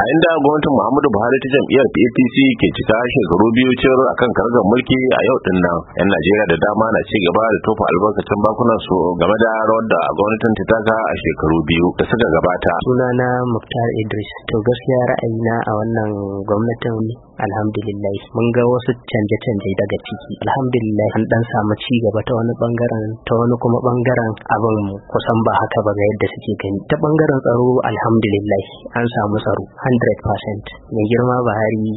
a inda gwamnatin muhammadu buhari ta jam'iyyar apc ke cika shekaru biyu cewar akan karagar mulki a yau din nan yan najeriya da dama na ci gaba da tofa albarkacin bakunan su game da rawar da gwamnatin ta taka a shekaru biyu da suka gabata sunana muktar idris to gaskiya ra'ayina a wannan gwamnatin alhamdulillah mun ga wasu canje-canje daga ciki alhamdulillah an dan samu ci gaba ta wani bangaren ta wani kuma bangaren abin kusan ba haka ba ga yadda suke gani ta bangaren tsaro alhamdulillah an samu tsaro 100% mai girma bahari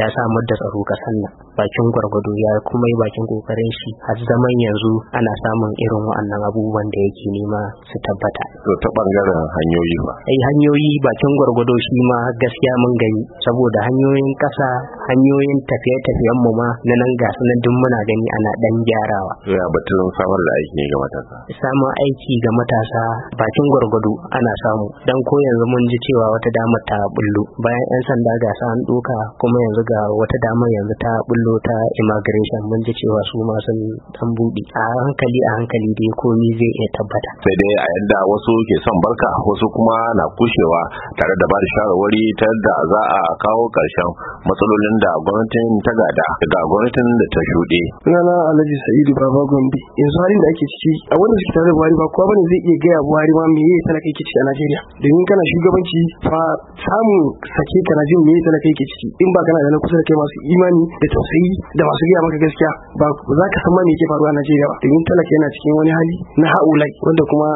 ya samar da tsaro kasan nan bakin gwargwado ya kuma yi bakin kokarin shi a zaman yanzu ana samun irin wa'annan abubuwan da yake nema su tabbata to ta bangaren hanyoyi ba Ai eh, hanyoyi bakin gwargwado shi ma gaskiya mun gani saboda hanyoyin kasa love hanyoyin tafiye-tafiyen mu ma na nan ga sunan duk muna gani ana dan gyarawa ya batun samar da aiki ga matasa samun aiki ga matasa bakin gwargwado ana samu dan ko yanzu mun ji cewa wata dama ta bullo bayan yan sanda ga an doka kuma yanzu ga wata dama yanzu ta bullo ta immigration mun ji cewa su ma sun dan buɗe a hankali a hankali dai komi zai iya tabbata sai dai a yadda wasu ke son barka wasu kuma na kushewa tare da ba da shawarwari ta yadda za a kawo ƙarshen matsalolin Da gwamnatin ta gada ga gwamnatin da ta shuɗe. Sunana Alhaji Sa'idu Baba Gombe yanzu halin da ake ciki a wannan suke tare da Buhari ba kowa bane zai iya gaya Buhari ma me yake talaka yake ciki a Najeriya domin kana shugabanci fa samun sake kana jin me yake talaka yake ciki in ba kana da na kusa da kai masu imani da tausayi da masu gaya maka gaskiya ba za ka san ma me yake faruwa a Najeriya ba domin talaka yana cikin wani hali na haulai wanda kuma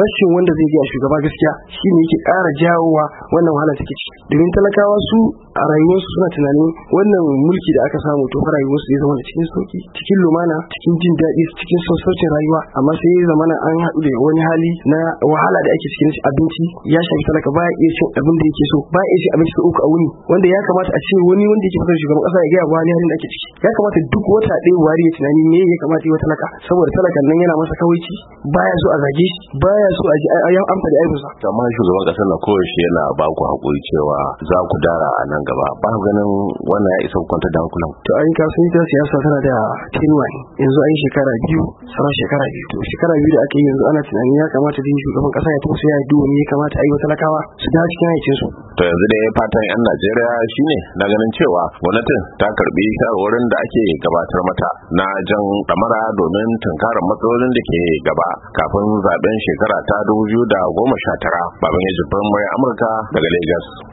rashin wanda zai gaya shugaba gaskiya shine yake ƙara jawowa wannan wahala take ciki domin talakawa su a rayuwarsu suna tunanin wannan mulki da aka samu to rayuwar wasu ya zama cikin sauki cikin lumana cikin jin daɗi cikin sassaucin rayuwa amma sai ya zama an haɗu da wani hali na wahala da ake cikin abinci ya shafi talaka Ba iya cin abin da yake so Ba iya cin abinci da uku a wuni wanda ya kamata a ce wani wanda yake fasar shugaban ƙasa ya gaya wani halin da ake ciki ya kamata duk wata ɗaya wari ya tunani me ya kamata yi wa talaka saboda talakan nan yana masa kawaici baya so a zage shi baya so a ji an amfani aikinsa. amma shugaban ƙasar na koyaushe yana ba ku haƙuri cewa za ku dara a nan gaba ba ganin wannan ya isa hukunta da hukunan to an ka sun ta siyasa tana da kinwa yanzu an shekara biyu sauran shekara biyu to shekara biyu da ake yanzu ana tunanin ya kamata din shugaban kasa ya tausaya ya duba ya kamata a yi wa talakawa su dawo cikin aikin su to yanzu da ya fatan yan Najeriya shine na ganin cewa gwamnatin ta karbi shawarwarin da ake gabatar mata na jan damara domin tunkarar matsalolin da ke gaba kafin zaben shekara ta dubu biyu da goma tara, baban ya jibrin mai Amurka daga Lagos